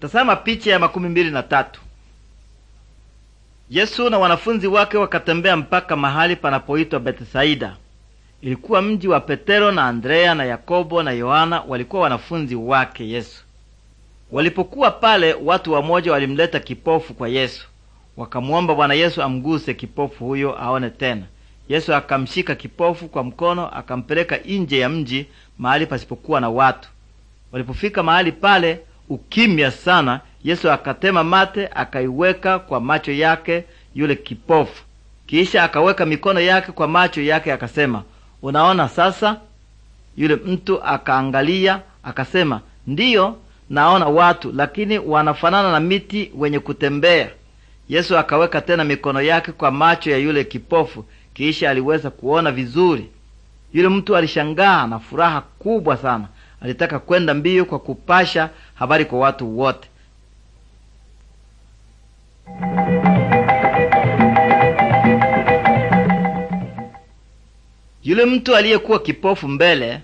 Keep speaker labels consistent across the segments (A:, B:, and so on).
A: Tazama picha ya makumi mbili na tatu. Yesu na wanafunzi wake wakatembea mpaka mahali panapoitwa Bethsaida. Ilikuwa mji wa Petero na Andrea na Yakobo na Yohana, walikuwa wanafunzi wake Yesu. Walipokuwa pale, watu wamoja walimleta kipofu kwa Yesu, wakamwomba Bwana Yesu amguse kipofu huyo aone tena. Yesu akamshika kipofu kwa mkono, akampeleka nje ya mji, mahali pasipokuwa na watu. Walipofika mahali pale ukimya sana, Yesu akatema mate akaiweka kwa macho yake yule kipofu. Kisha akaweka mikono yake kwa macho yake akasema, unaona sasa? Yule mtu akaangalia akasema, ndiyo naona watu, lakini wanafanana na miti wenye kutembea. Yesu akaweka tena mikono yake kwa macho ya yule kipofu, kisha aliweza kuona vizuri. Yule mtu alishangaa na furaha kubwa sana alitaka kwenda mbio kwa kupasha habari kwa watu wote. Yule mtu aliyekuwa kipofu mbele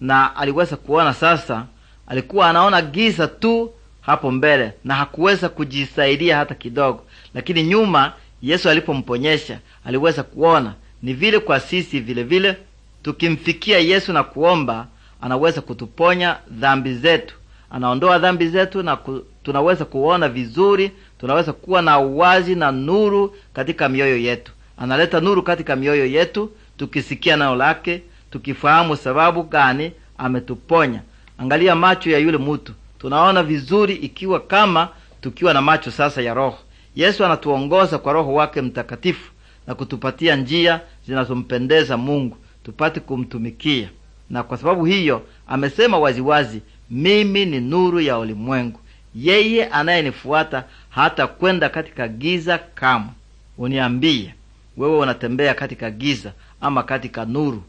A: na aliweza kuona sasa, alikuwa anaona giza tu hapo mbele na hakuweza kujisaidia hata kidogo, lakini nyuma, Yesu alipomponyesha aliweza kuona. Ni vile kwa sisi vile vile, tukimfikia Yesu na kuomba anaweza kutuponya dhambi zetu, anaondoa dhambi zetu na ku, tunaweza kuona vizuri, tunaweza kuwa na uwazi na nuru katika mioyo yetu. Analeta nuru katika mioyo yetu tukisikia neno lake, tukifahamu sababu gani ametuponya. Angalia macho ya yule mutu, tunaona vizuri ikiwa kama tukiwa na macho sasa ya roho. Yesu anatuongoza kwa Roho wake Mtakatifu na kutupatia njia zinazompendeza Mungu tupate kumtumikia na kwa sababu hiyo amesema waziwazi, mimi ni nuru ya ulimwengu, yeye anayenifuata hata kwenda katika giza kamwe. Uniambie wewe, unatembea katika giza ama katika nuru?